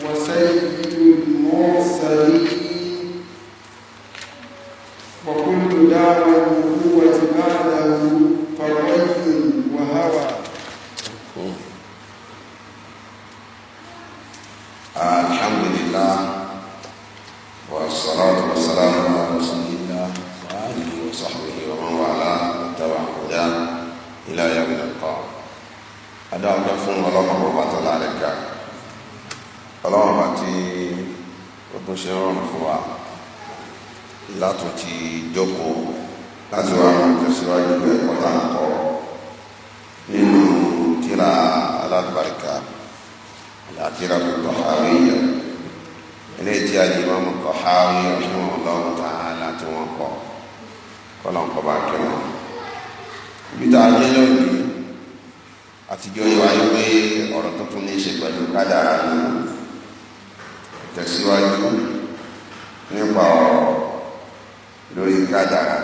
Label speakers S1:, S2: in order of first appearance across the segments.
S1: وسيد المرسلين وكل دعوة النبوة بعده فري وهوى الحمد لله والصلاة والسلام على رسول الله وآله وصحبه ومن والاه واتبع هداه إلى يوم اللقاء أدعو لكم ولكم وبطل عليك ọlọ́run bá tí ó tún ṣe rọrùn fún wa látún ti jókòó láti wá àwọn ìtẹ̀síwájú ẹ̀kọ́ tá à ń kọ́ nínú tíra alábàríkà àtìrà Tahawiya ilé tí a jìbọn mú Tahawiya fún ọlọ́run tààlà tí wọ́n kọ́ kọ́lọ́n kọ́ bá kí wọn. ibi tá a jẹ́ lónìí àtijọ́ yóò wáyé pé ọ̀rọ̀ tuntun ní í ṣe pẹ̀lú kádàrá nínú tẹ̀síwájú nípa ọ̀rọ̀ lórí kádàrá.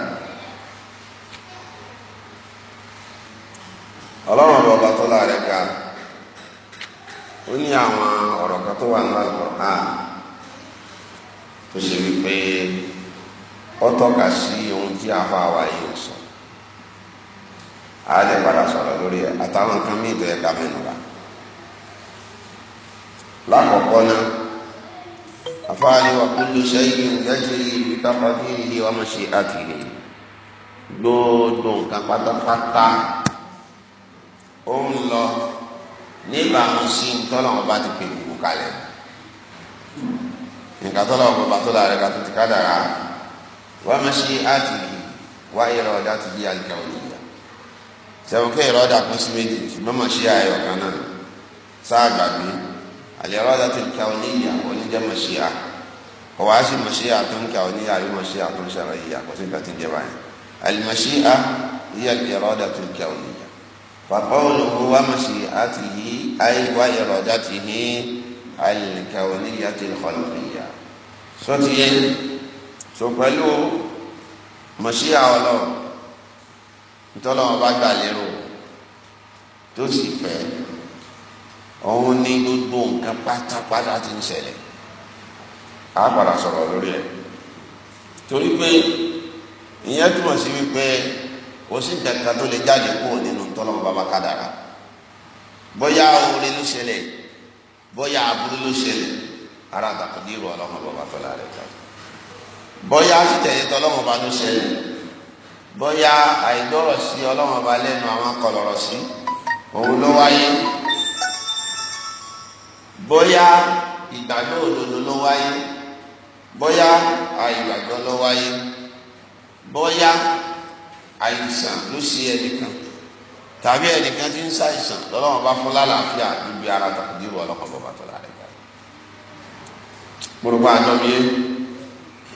S1: ọlọ́run ọba ọba tó láàrẹ̀ ga ó ní àwọn ọ̀rọ̀ kan tó wà nínú Al-Qur'an tó ṣe wípé ó tọ́ka sí ohun tí a fa àwa yìí sọ àádẹ padà sọ̀rọ̀ lórí ẹ̀ àtàwọn nǹkan míì tó yẹ mẹ́nu bá lákọ̀ọ́kọ́ náà. الأفعال وكل شيء يجري بتقديره ومشيئته gbogbo nǹkan pátápátá ó ń lọ níbàámu sí ntọ́lọ́wọ́n bá ti pèlú kú kalẹ̀ nǹkan tọ́lọ́wọ́n bá tó lára ká tó ti ká dára wọ́n máa ṣe àtìlì wá ìrọ̀ ọ̀dà ti di àlùkà òyìnbá sẹ́wọ́n kí ìrọ̀ ọ̀dà kún sí méjì ṣùgbọ́n máa ṣe àyọ̀ kan náà sáà gbàgbé al-iradatu al-kawniyya kò ní jẹ́ mọ̀ṣíà kò wá sí mọ̀ṣíà tó ń kawniyya àbí mọ̀ṣíà tó ń shar'iyya kò sí nǹkan tí ń jẹ báyìí al-mashī'a hiya al-iradatu al-kawniyya fa qawluhu wa mashī'atihi ay wa iradatihi al-kawniyyati al-khalqiyya sọ́tì yẹn sọ pẹ̀lú mọ̀ṣíà ọlọ́run ntọ́lọ́wọ́n bá tó sì fẹ́ẹ́ òun ní gbogbo nǹkan pátápátá ti ń ṣẹlẹ̀ á padà sọ̀rọ̀ lórí ẹ̀ torí pé ìyẹn túmọ̀ sí wípé kò sí nǹkan kan tó lè jáde kúrò nínú tọ́lọ́mù bàbá kádàrà bóyá oore ló ṣẹlẹ̀ bóyá aburú ló ṣẹlẹ̀ ara àtàkùn ní ìrù ọlọ́mọ bàbá tọ́lá rẹ̀ ká bóyá àtìtẹ̀yẹ tọ́lọ́mọ bá ló ṣẹlẹ̀ bóyá àìgbọ́rọ̀ sí ọlọ́mọ bá lẹ́nu àwọn kọlọ̀rọ̀ sí òun ló wáyé bóyá ìgbàgbọ́ òdodo ló wáyé bóyá àìgbàgbọ́ ló wáyé bóyá àìsàn ló ṣe ẹnìkan tàbí ẹnìkan tí ń ṣàìsàn lọ́lọ́wọ́n bá fún lálàáfíà níbi ara tàbí ìwọ ọlọ́kàn bọ́ bàtọ́ láàrin gbà. gbogbo àjọmíye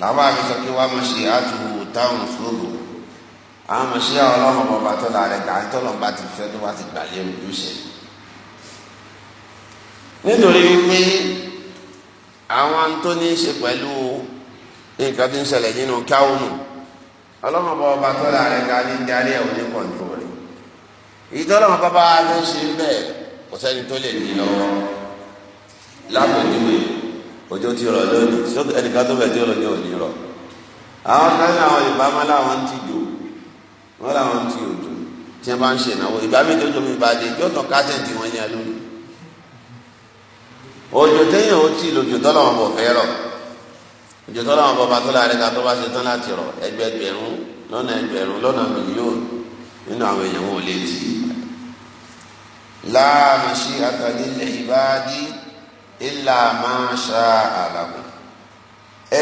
S1: làwọn àfihàn pé wàá mọ̀ ṣe àtúwò táwọn fúlòrò àwọn mọ̀ ṣe ọlọ́kàn bọ́ bàtọ́ láàrin gbà ń tọ́lọ́ bá ti fẹ́ tó bá ti gbà lé nítorí wípé àwọn tó ní í ṣe pẹ̀lú nǹkan tó ń ṣẹlẹ̀ nínú káwọnù ọlọ́run bá ọba tọ́lá rẹ̀ ká ní darí ẹ̀ ò ní kọ̀ǹtò rẹ̀ ìtọ́lọ́run bábá ló ṣe bẹ́ẹ̀ kò sẹ́ni tó lè ní lọ́wọ́ lápòjúwe òjò ti rọ̀ lónìí sọ́dọ̀ ẹnìkan tó bẹ̀ tí ó lọ ní òní rọ̀ àwọn kan ní àwọn ìbámu láwọn ti jò wọ́n láwọn ti òjò tí wọ́n bá ń ṣe ìnáwó ìbámu tó mi bá dé yóò tán kásẹ̀tì wọn yẹn lónìí òjò téèyàn ó tì lójú tọ́lọ̀ wọn bọ̀ fẹ́ rọ̀ òjò tọ́lọ̀ wọn bọ̀ bá tọ́lọ̀ àríkà tó bá ṣe tán láti rọ̀ ẹgbẹgbẹ̀rún lọ́nà ẹgbẹ̀rún lọ́nà mílíọ̀nù nínú àwọn èèyàn wọn ò lè tì í. láàmì sí àtàlélẹ̀ ìbáàdí ìlà máa ṣá àlàbò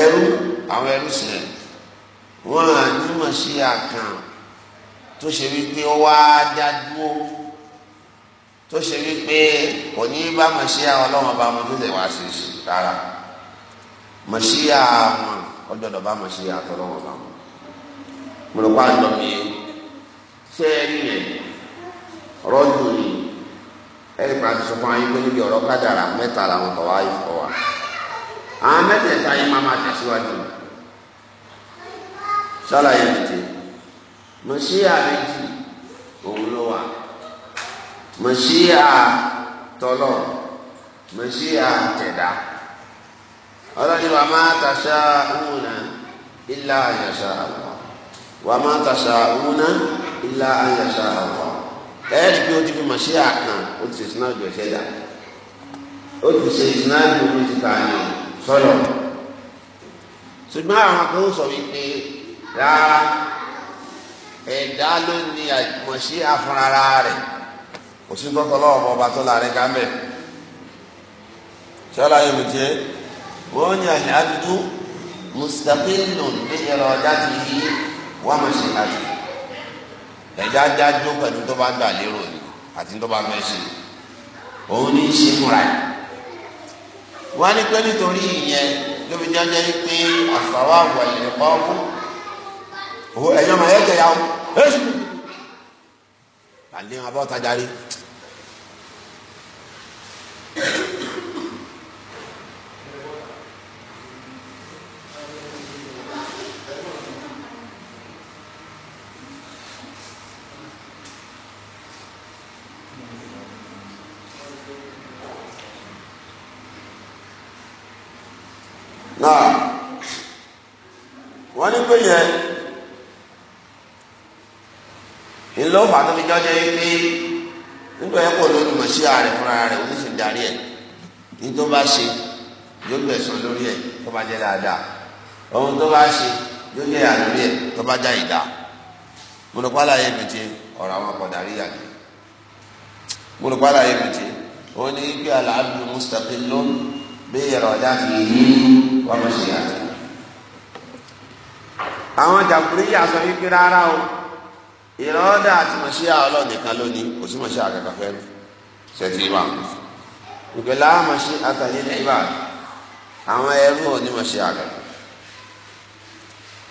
S1: ẹrú àwọn ẹrú sílẹ̀ wọn à mọ̀ sí àkàn tó ṣe wípé ó wá dúró tó ṣe wípé kò ní bá mọ̀ṣíà ọlọ́wọ́n bá wọn tó lè wá sí sí rárá mọ̀ṣíà wọn ó gbọ́dọ̀ bá mọ̀ṣíà tọ́lọ́wọ́n bá wọn. mo rò pa àjọ mi ṣé ẹ rí yẹn rọ́jò ni ẹ̀rí pàtó sọ fún ayé pé níbi ọ̀rọ̀ kájàrà mẹ́ta làwọn kọ̀ wá ìfọ̀ wa àwọn mẹ́tẹ̀ẹ̀ta yìí máa máa tẹ̀síwájú sálàyé nìjẹ́ mọ̀ṣíà méjì mọ̀ṣíà tọ́lọ̀ mọ̀ṣíà tẹ̀dá ọlọ́ni wà má tàṣà òunà ilá àyàṣà àwọ̀ wà má tàṣà òunà ilá àyàṣà àwọ̀ ẹ̀ẹ́dì pé ó ti fi mọ̀ṣíà kan ó ti ṣe sinadu ẹ̀ṣẹ̀ yà ó ti ṣe sinadu omi ti ta ni sọ́lọ̀ ṣùgbọ́n àwọn kan sọ wípé rárá ẹ̀dá ló ní àjùmọ̀ṣí afúnrara rẹ̀ kò sí tọkọ lọ́wọ́ ọba tó láàrin gámbẹ sọlá yóò mi tiẹ̀ wọn ní àyè àdúgbò mustaqillu bi iradatihi wa mashi'atihi ẹjá dájú pẹ̀lú tó bá gbà lérò ni àti tó bá fẹ́ ṣe òun ní ṣe fúnra yìí wọn á ní pé nítorí ìyẹn ló fi pé àfàwà wọlé pọ́ọ́kú ẹ̀yọ́ màá yẹ kẹ̀yà ó àlẹ́ wọn rí. náà wọ́n ní pé yẹ ńlọ́fà tó fi jọ́jọ́ yìí pé nígbà yẹn kò lórí mọ̀ sí ààrẹ fúnra rẹ̀ oníṣì darí ẹ̀ ní tó bá ṣe yóò gbẹ̀sán lórí ẹ̀ tó bá jẹ́ dáadáa ohun tó bá ṣe yóò jẹ́ ìyá lórí ẹ̀ tó bá já ìdá mo rò pálá yẹn mi ti ọ̀rọ̀ àwọn ọkọ̀ darí yà ni mo yẹn mi ti ó ní gbé àlàáfíà mustaqillun bí ìrọ̀lá fi yí wọ́n mọ̀ sí àti. àwọn jàkúrẹ́ yà sọ wípé rárá o ìrọ́dà àti mọ̀ṣíà ọlọ́run nìkan lónìí kò sí mọ̀ṣíà kankan fẹ́ ṣètì ìwà ìpìlẹ̀ àwọn mọ̀ṣí àtàlẹ́ ní ìbà àwọn ẹrú ò ní mọ̀ṣíà kankan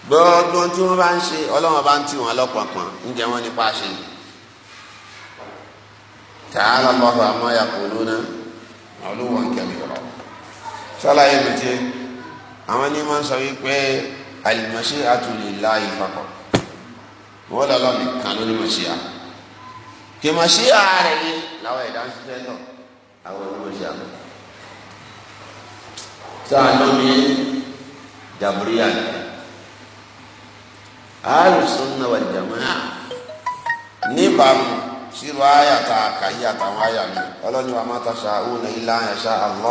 S1: gbọ́dọ̀ tí wọ́n bá ń ṣe ọlọ́run bá ń tì wọ́n lọ́pọ̀pọ̀ ń jẹ́ wọ́n nípa ṣe tààlà lọ́fà àmọ́ yàkùn lónà ọlọ́wọ́n kẹ́mi rọ̀ sọ́lá yẹn mi tiẹ́ àwọn ní máa ń sọ wípé àlìmọ̀ṣe àtúlélá ìfakọ̀ wọ́n lọ lọ́ọ̀ nìkan ló ní mọ̀ṣe à kì mọ̀ṣe à rẹ̀ ni làwọn ẹ̀dá ń ṣiṣẹ́ lọ àwọn onímọ̀ṣe à sáà lómi jàbúríyà ni alùsùnà wà jàmáà níbàámu sírò àyàtà àkàyè àtàwọn àyà ọlọ́ni wa máa ta ṣàhùn ilá àyàṣà àlọ́.